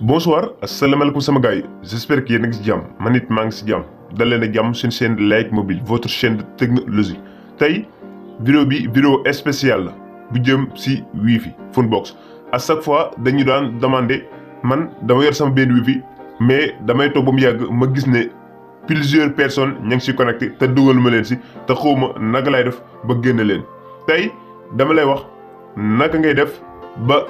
bonsoir asalaamaaleykum sama gars yi j'espère que yéen a ngi si jàmm man it maa ngi si jàmm dal leen a jàmm seen chaîne Like Mobile votre chaîne de technologie tey vidéo bi vidéo spéciale la bu jëm si fi phone box à chaque fois dañu daan demander man dama yor sama benn wifi mais damay toog ba mu yàgg ma gis ne plusieurs personnes ña ngi si connecté te dugal leen si te xaw ma naka laay def ba génn leen tey dama lay wax naka ngay def ba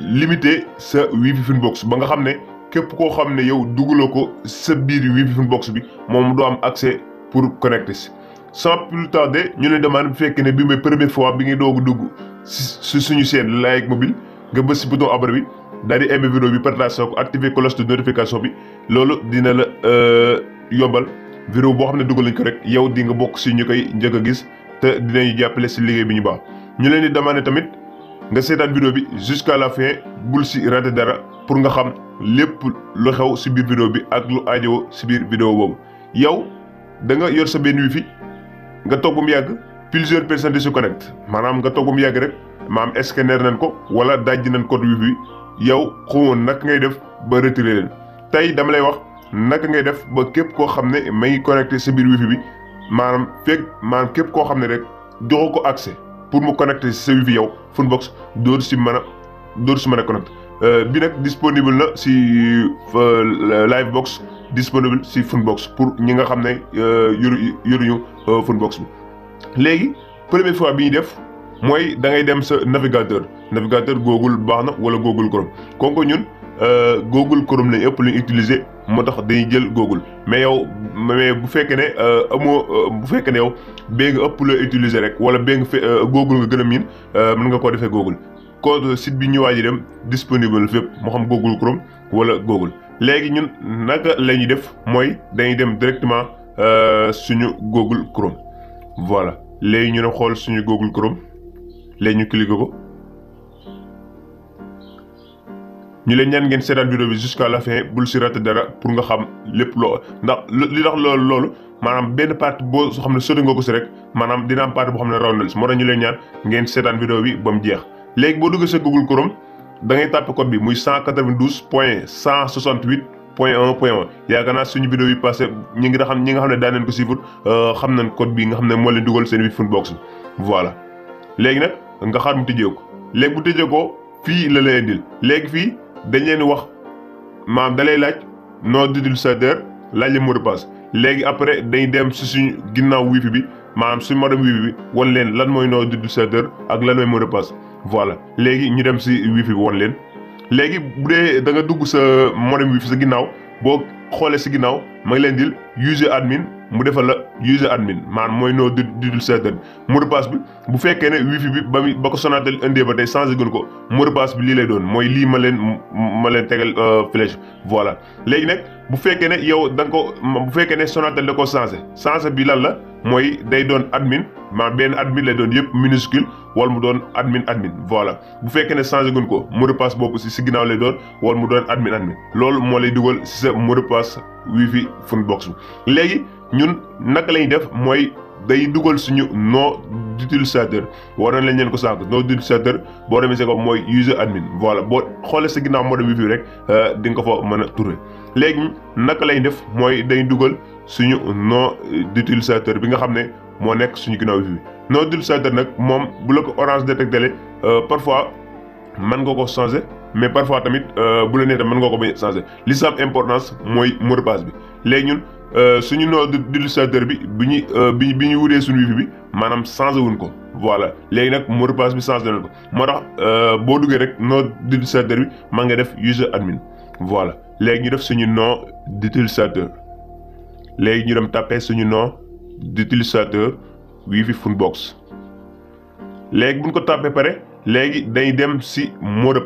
limité sa wifi Finbox ba nga xam ne képp koo xam ne yow dugaloo ko sa biir wifi Finbox bi moom doo am accès pour connecter si sans plus tarder ñu lay demande bu fekkee ne bi mooy première fois bi ngi doog dugg si suñu chaîne Laye Mobile nga bës si bouton abonné bi daal di aimer vidéo bi partage ko activer cloche de notification bi loolu dina la euh, yombal vidéo boo xam ne dugal nañ ko rek yow di nga bokk si ñu koy njëkk a gis te dinañu jàppale si liggéey bi ñu baax tamit. nga seetaan bido bi jusqu'à la fin bul si raté dara pour nga xam lépp lu xew si biir bi ak lu ajoo si biir vidéo boobu yow da nga yor sa benn wifi nga toog ba mu yàgg plusieurs personnes di se connecte maanaam nga toog ba yàgg rek maam scanner nañ ko wala dajji nañ code wifi yow xamoon naka ngay def ba retirer leen tey dama lay wax naka ngay def ba képp koo xam ne ma ngi connecté sa biir wifi bi maanaam fekk maanaam képp koo xam ne rek joxu ko accès pour mu connecter si sa wifi yow Funbox dootu si mën dóor si mën a connecté euh, bi nag disponible na si euh, Livebox disponible si Funbox pour ñi nga xam ne euh, yoru yoruñu Funbox bi. léegi première fois bi ñuy def mooy da ngay dem sa navigateur navigateur Google baax na wala Google Chrome kon ko ñun Google Chrome lañ ëpp lu ñu utiliser. moo tax dañuy jël Google mais yow mais bu fekkee ne euh, amoo euh, bu fekkee ne yow bee nga ëpp la utiliser rek wala bee nga fe euh, Google nga gën a mun nga koo defee Google. code site bi ñu waaj dem disponible fépp moo xam Google Chrome wala Google léegi ñun naka la ñuy def mooy dañuy dem directement suñu góogul Chrome voilà léegi ñun a xool suñu Google Chrome léegi ñu cliquer ko. ñu leen ñaan ngeen seetaan vidéo bi jusqu'à bul si dara pour nga xam lépp loo ndax li tax loolu loolu maanaam benn partie boo xam ne sotti nga ko si rek maanaam dina am partie boo xam ne raw na la si moo tax ñu leen ñaan ngeen seetaan vidéo bi jeex léegi boo duggee sa Google Chrome da ngay tàppe bi muy 192 point 168 point 1 point 1 yaakaar naa suñu vidéo bi passé ñi nga xam ñi nga xam ne daan nañ ko euh, nag nga xaar mu tëjee ko léegi bu tëjee ko fii la lay dañ leen wax maam dalay laaj noo dudul sa dër laaj la mot de passe léegi après dañ dem si suñu ginnaaw wifi bi maanaam suñu modem wifi bi wan leen lan mooy noo dudul sa dër ak lan mooy mot de passe voilà léegi ñu dem si wiifi bi wan leen léegi bu dee da nga dugg sa modem wifi sa ginnaaw boo xoolee si ginnaaw ma ngi leen dil user admin mu defal la user admin maanaam mooy noo dudul certain mot de passe bi bu fekkee ne wifi bi ba ba ko Sonatel indee ba tey changé gun ko mot de bi lii lay doon mooy lii ma leen ma leen tegal euh, flèche voila léegi nag bu fekkee ne yow danga nga ko bu fekkee ne Sonatel da ko changé changé bi lan la mooy day doon admin maa benn admin lay doon yëpp minuscule wal mu doon admin admin voilà bu fekkee ne changé gun ko mot boobu si si ginnaaw lay doon wal mu doon admin admin loolu moo lay dugal si sa mot de passe wifi fun léegi ñun naka lañuy def mooy day dugal suñu nom d'utilisateur waroon lañ leen ko sànq nom d'utilisateur boo demee sa ko mooy user admin voilà boo xoolee sa ginnaaw modem fii rek euh, di nga ko fa mën a trouver léegi naka lay def mooy day dugal suñu nom d'utilisateur bi nga xam ne moo nekk suñu ginnaaw wifi nom d'utilisateur nag moom bu la ko orange détecté euh, parfois mën nga ko changer mais parfois tamit euh, bu la nee tam mën nga ko bañ changer li sam importance mooy mot bi léegi ñun Euh, suñu noo d'utilisateur euh, bi bi ñu bi bi ñu wutee suñu wifi bi maanaam changé wuñ ko voilà léegi nag mot de bi changé nañ ko moo tax euh, boo duggee rek noo d'utilisateur bi maa ngi def user admin voilà léegi ñu def suñu nom d'utilisateur léegi ñu dem tapé suñu nom d'utilisateur wifi box léegi buñ ko tapé pare léegi day dem si mot de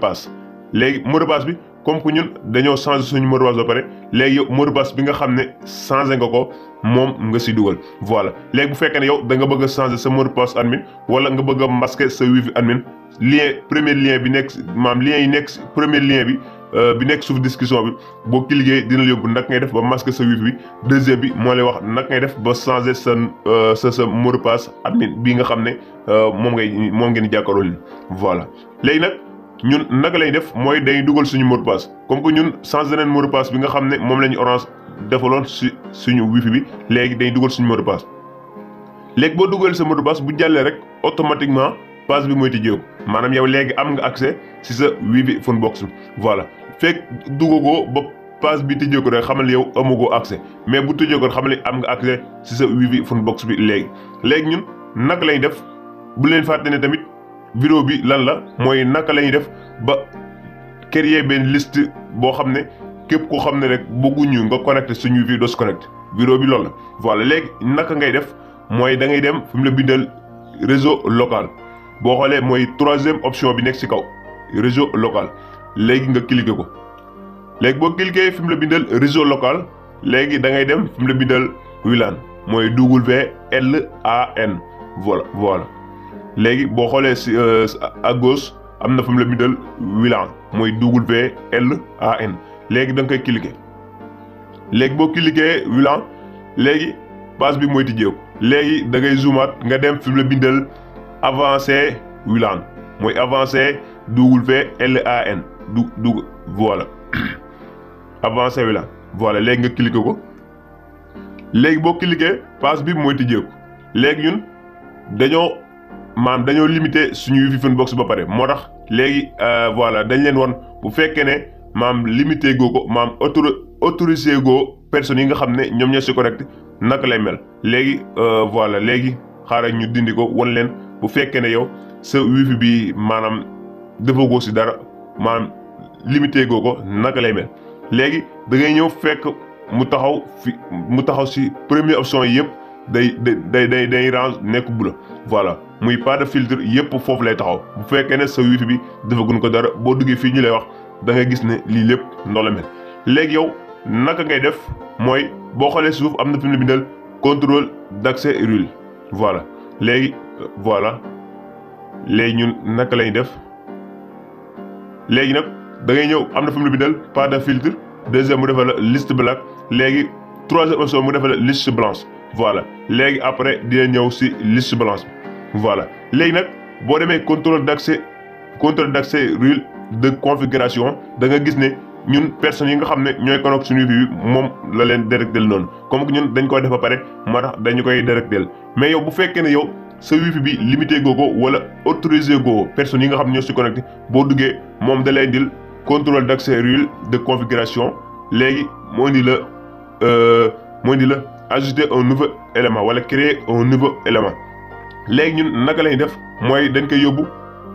léegi mot de bi comme que ñun dañoo changé suñu mot de passe ba pare léegi yow mot bi nga xam ne changé nga ko moom nga si dugal voilà léegi bu fekkee ne yow da nga bëgg changé sa mot de passe admin wala nga bëgg a masquer sa wifi admin lien premier bi nekk maam lien yi nekk premier lien bi euh, bi nekk suuf discussion bi boo cliquer dina la yóbbu naka ngay def ba masquer sa wifi bi deuxième bi moo lay wax naka ngay def ba changer sa euh, sa sa mot de passe admin nga xam ne euh, moom ngay moom ngeen jàkkaarloo voilà léegi nag. ñun naka lay def mooy day dugal suñu mot de passe comme que ñun changé nañ mot bi nga xam ne moom la ñu orange defaloon si suñu wifi bi léegi day dugal suñu mot de passe léegi boo dugalee sa mot de bu jàllee rek automatiquement passe bi mooy tijjee ko maanaam yow léegi am nga accès si sa wifi phone box voilà fekk ko ba passe bi tijjee ko rek xamal yow amagoo accès mais bu tijjee ko xamal am nga accès si sa wifi phone box bi léegi léegi ñun naka lay def bu leen fàtte ne tamit. vidéo bi lan la mooy naka la ñuy def ba créer benn list boo xam ne képp koo xam ne rek bëgguñu nga connecté suñu vidéo se connecté vidéo bi loolu la. voilà léegi naka ngay def mooy da ngay dem fi mu la bindal réseau local boo xoolee mooy troisième option bi nekk si kaw réseau local léegi nga cliqué ko léegi boo cliqué fi mu la bindal réseau local léegi da ngay dem fi la bindal WLAN mooy W L A N voilà voilà. léegi boo xoolee si euh, à gauche am na fa mu la bindal Wilane mooy W L A N léegi da nga koy cliquer léegi boo cliquer Wilane léegi page bi mooy tijjeeku léegi da ngay zoomaat nga dem fi mu la bindal avancé Wilane mooy avancé W L A N du du voilà avancé Wilane voilà léegi nga cliquer ko léegi boo cliquer page bi mooy tijjeeku léegi ñun dañoo. maam dañoo limité suñu Wi-Fi Funbox ba pare moo tax léegi euh, voilà dañ leen woon bu fekkee ne maam limité goo ko maam autor autorisé goo personnes yi nga xam ne ñoom ñoo si correct naka lay mel léegi euh, voilà léegi xaaral ñu dindi ko wan leen bu fekkee ne yow sa wi bi maanaam dafa si dara maanaam limité goo ko naka lay mel léegi da ngay ñëw fekk mu taxaw fi mu taxaw si première option yëpp. day day day day range nekk bula voilà muy pas de filtre yëpp foofu lay taxaw bu fekkee ne sa wifi bi dafa gun ko dara boo duggee fii ñu lay wax da nga gis ne lii lépp noo la mel léegi yow naka ngay def mooy boo xoolee suuf am na fi mu bindal contrôle d'accès rule voilà léegi voilà léegi ñun naka lañu def léegi nag da ngay ñëw am na fi mu bindal pas de filtre deuxième mu defal la liste black léegi troisième option mu defal list liste blanche voilà léegi après dina ñëw si liste blanche bi voilà léegi nag boo demee contrôle d' accès contrôle d' de configuration da nga gis ne ñun personnes yi nga xam ne ñooy konoog suñu bi moom la leen directel noonu comme que ñun dañ koy def ba pare moo tax dañu koy directel mais yow bu fekkee ne yow sa wifi bi limité gooko wala autorisé gooko personnes yi nga xam ne ñoo si connecté boo duggee moom da lay indil contrôle d' accès rule de configuration léegi moo indi la euh, moo la. ajouter un niveau élément wala créer un niveau élément léegi ñun naka lañu def mooy dañ koy yóbbu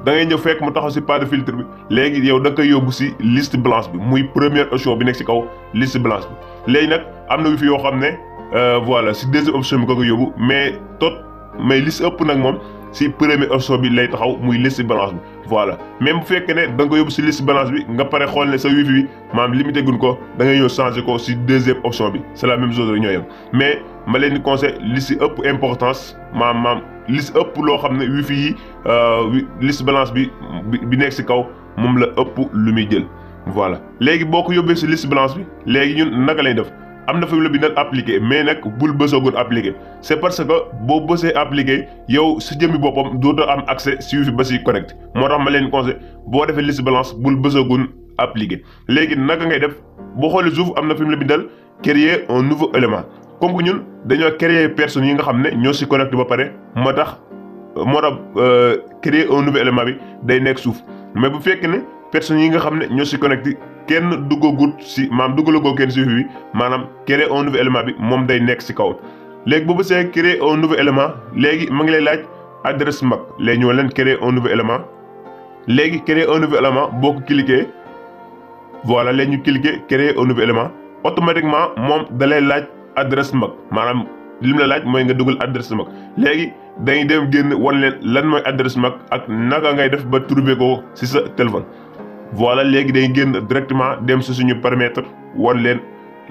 da ngay ñëw fekk mu taxaw si pas de filtre bi léegi yow da nga koy yóbbu si liste blanche bi muy première option bi nekk si kaw list blanche bi léegi nag am na wi fi yoo xam ne euh, voilà si des option bi ko koy yóbbu mais tot mais liste ëpp nag moom si premier option bi lay taxaw muy liste balance bi voilà même bu fekkee ne da nga ko yóbbu si lis balance bi nga pare xool ne sa wifi bi maam limité gun ko da ngay ñëw changé ko si deuxième option bi c' est la même chose rek ñoo mais ma leen di conseil li si ëpp importance maam maam li si ëpp loo xam ne wifi yi euh, liste balance bi bi nekk si kaw moom la ëpp lu muy jël voilà léegi boo ko yóbbee si lis balance bi léegi ñun naka lay def am na fi mu la bindal appliqué mais nag bul bësoogoon appliqué c' est parce que boo bësee appliqué yow si jëmmi boppam dootoo am accès suivi ba si correct moo tax ma leen conseil boo defee liste balance bul bësoogoon appliqué léegi naka ngay def boo xoolee suuf am na fi mu la bindal créer un nouveau élément comme ñun dañoo créer personnes yi nga xam ne ñoo si connecté ba pare moo tax moo tax euh, créer un nouveau élément bi day nekk suuf mais bu fekkee ne personnes yi nga xam ne ñoo si connecté kenn duggagut si maam duggalagoo kenn si bi maanaam créer un nouvel élément bi moom day nekk si kaw léegi boobu bësee créer un nouvel élément léegi ma ngi lay laaj adresse MAC léegi ñoo leen créer un nouvel élément léegi créer un nouvel élément boo ko cliquer voilà léegi ñu cliquer créer un nouvel élément moom dalay lay laaj adresse MAC maanaam li mu la laaj mooy nga dugal adresse mag léegi dañuy dem génn wan leen lan mooy adresse mag ak naka ngay def ba trouver ko si sa téléphone. voilà léegi day génn directement dem si suñu paramètre wan leen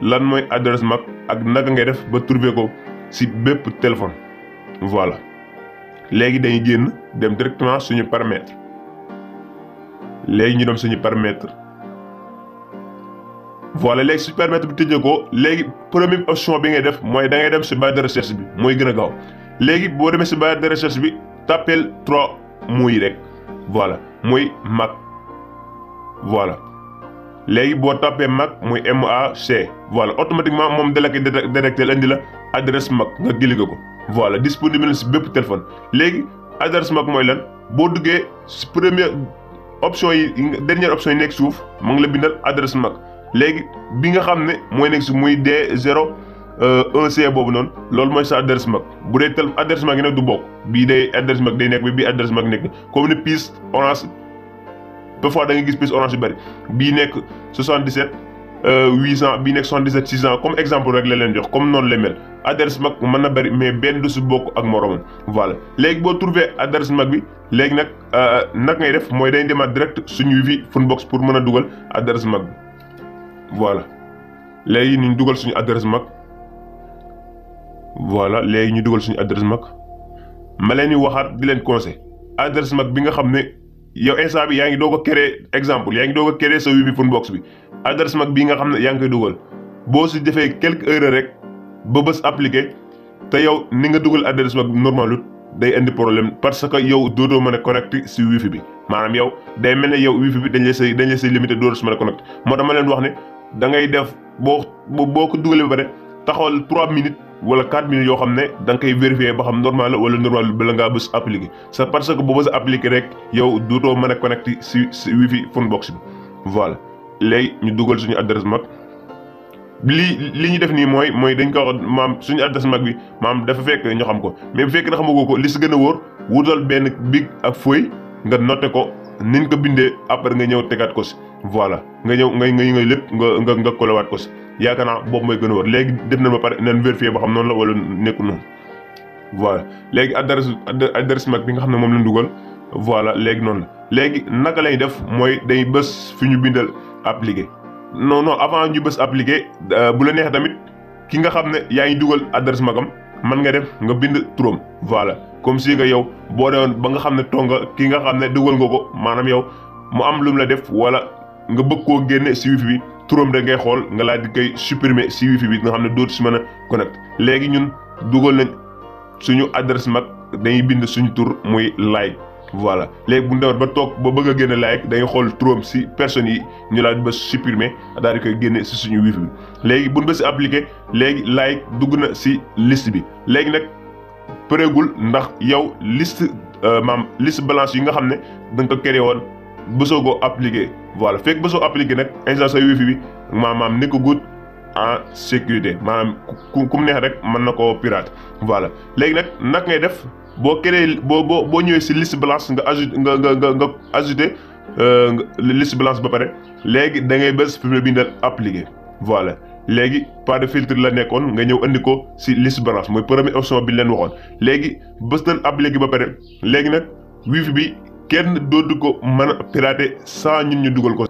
lan mooy adresse MAC ak naka ngay def ba trouver ko si bépp téléphone voilà léegi dañuy génn dem directement suñu paramètre léegi ñu dem suñu paramètre voilà léegi suñu paramètre bi tëjee léegi première option bi ngay def mooy da ngay dem si barre de bi mooy gën a gaaw léegi boo demee si barre de recherche bi tapel trois mots yi rek voilà mooy MAC voilà léegi boo tapé mag muy MAC voilà automatiquement moom dala koy détecté indi la adresse mag nga cliqué ko ko voilà disponible si bépp téléphone léegi adresse mag mooy lan boo duggee si première option yi dernière option yi nekk suuf mu ngi la bindal adresse mag léegi bi nga xam ne mooy nekk suuf muy D0 1 euh, boobu noonu loolu mooy sa adresse Mac bu dee tel adresse Mac yi ne du bokk bii day adresse Mac day nekk bi bii adresse Mac nekk comme ni Peace Orange. parfois da gis puces orange yu bëri bii nekk 77 800 euh, bii nekk 77 600 comme exemple rek la leen jox comme noonu la mel adresse mag mën na bari mais benn du si bokk ak moromam voilà léegi boo trouvé adresse mag bi léegi nag euh, nag ngay def mooy day demaat direct suñu wi funbox pour mën a dugal adresse mag bi voilà léegi ñu dugal suñu adresse mag voilà léegi ñu dugal suñu adresse mag ma leen di waxaat di leen conseil adresse mag bi nga xam ne. yow instant bi yaa ngi doog a créer exemple yaa ngi doog a créer sa wifi phone box bi adresse MAC bii nga xam ne yaa ngi koy dugal boo si defee quelques heures rek ba bës appliqué te yow ni nga dugal adresse MAC normalut day indi problème parce que yow dootoo ma ne connecté si wifi bi maanaam yow day mel ne yow wifi bi dañ la say dañ la say limité dootoo si mën a connecté moo tax ma leen wax ne da ngay def boo boo ko dugalee ba pare taxawal 3 minutes. wala 4 minutes yoo xam ne danga nga koy vérifier ba xam normal la wala normal bala ngaa bës appliqué c'est parce que boo bës appliqué rek yow dootoo mën a connecté si si wifi phone box bi voilà léegi ñu dugal suñu adresse MAC lii li ñu def nii mooy mooy dañ koy maam suñu adresse MAC bi maam dafa fekk ñu xam ko mais bu fekkee ne xamagoo ko li si gën a wóor wutal benn big ak feuille nga notte ko niñ ko bindee après nga ñëw tegaat ko si voilà nga ñëw nga nga lépp nga nga nga ko si yaakaar naa boobu mooy gën a wóor léegi def nañ ba pare nañ vérifier ba xam noonu la wala nekkul noonu voilà léegi adresse bi nga xam ne moom lañ dugal voilà léegi noonu la léegi naka lay def mooy day bës fi ñu bindal appliqué non non avant ñu bës appliqué euh, bu la neexee tamit ki nga xam ne yaa ngi dugal adresse magam am mën nga def nga bind turam voilà comme si que yow boo deewoon ba nga xam ne tonga ki nga xam ne dugal nga ko maanaam yow mu am lu la def wala nga bëgg koo génne suivi bi. turam da ngay xool nga laaj di koy supprimer si wifi bi nga xam ne dootu si mën a connecté léegi ñun dugal nañ suñu adresse mag dañuy bind suñu tur muy like voilà léegi bu ñu ba toog ba bëgg a génne like dañuy xool turam si personnes yi ñu laaj ba supprimer daal di koy génne si suñu wifi bi léegi bu ñu ba si appliqué léegi like dugg na si liste bi léegi nag pareegul ndax yow liste euh, maam liste balance yi nga xam ne da ko créé woon. bësoo ko appliqué voilà fekk bësoo appliqué nag installation wifi bi maanaam nekkagut en sécurité maanaam ku ku neex rek mën na koo pirate voilà léegi nag nag ngay def boo créé boo boo boo ñëwee si liste blanche nga ajouté nga nga nga nga ajouté euh, liste ba pare léegi da ngay bës fi mu ne bindal appliqué voilà léegi pas de filtre la nekkoon nga ñëw andi ko si liste blanche mooy première option bi leen waxoon léegi bës nañ appliqué ba pare léegi nag wifi bi kenn dootu ko mën a pirater sans ñun ñu dugal ko.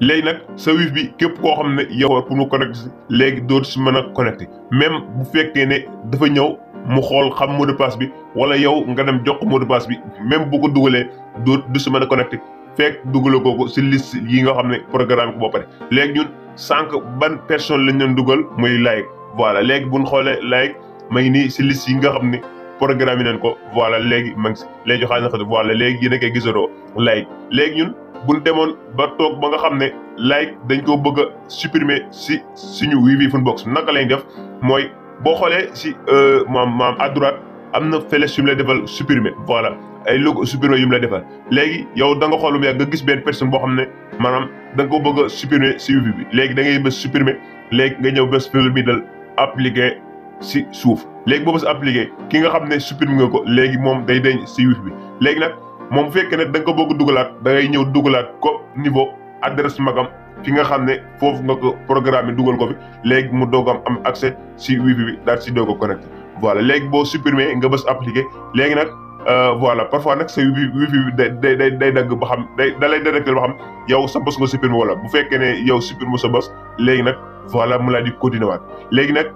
léegi nag sa wifi bi képp koo xam ne yow pour mu connecté si léegi dootu si mën a connecté même bu fekkee ne dafa ñëw mu xool xam mot de passe bi wala yow nga dem jox ko mot bi même bu ko dugalee doo du si mën a connecté fekk dugaloo ko si liste yi nga xam ne programme ko boo pare léegi ñun sànq ban personne lañ leen dugal muy like voilà léegi bu ñu xoolee like may nii si liste yi nga xam ne. programme yi nañ ko voilà léegi ma ngi si léegi joxaat na ko voilà léegi yéen a koy gisaroo like léegi ñun buñ demoon ba toog ba nga xam ne like dañ koo bëgg a supprimer si suñu Wi-Fi fun box naka lañ def mooy boo xoolee si euh, maam maam à droite am na flèche yu mu lay defal supprimer voilà ay logo supprimer yu mu lay defal léegi yow da nga xoolum yàgg nga gis benn personne boo xam ne maanaam da nga ko bëgg a supprimer si Wi-Fi bi léegi da ngay bës supprimer léegi nga ñëw bés fil bi dal appliqué si suuf léegi boobu sa appliqué ki nga xam ne supprime nga ko léegi moom day deñ si wifi bi léegi nag moom bu fekkee ne da nga ko bëgg dugalaat da ñëw dugalaat ko niveau adresse magam fi nga xam ne foofu nga ko programme dugal ko fi léegi mu doog am am accès si wifi bi daal si doog ko connecté voilà léegi boo supprimer nga bës appliqué léegi nag euh, voilà parfois nag sa wifi wifi bi day day day dagg ba xam day da lay détecté ba xam yow sa bës nga supprimer wala bu fekkee ne yow supprimer sa bos léegi nag voilà mu laa waat léegi nag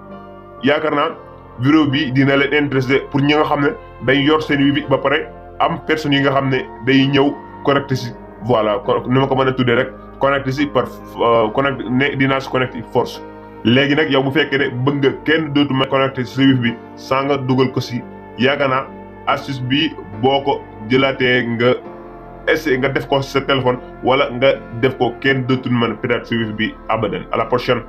yaakaar vidéo bi dina leen intéressé pour ñi nga xam ne day yor seen bi ba pare am personnes yi nga xam ne day ñëw connecté si voilà nu ma ko mën a tuddee rek connecté si par euh, connecté ne dinaa si connecté force léegi nag yow bu fekkee ne bëgg nga kenn dootuma ma connecté si wifi bi saa nga dugal ko si yaakaar naa astuce bi boo ko jëlaatee nga essayer nga def ko sa téléphone wala nga def ko kenn dootul mën peut-être si bi abadan à la prochaine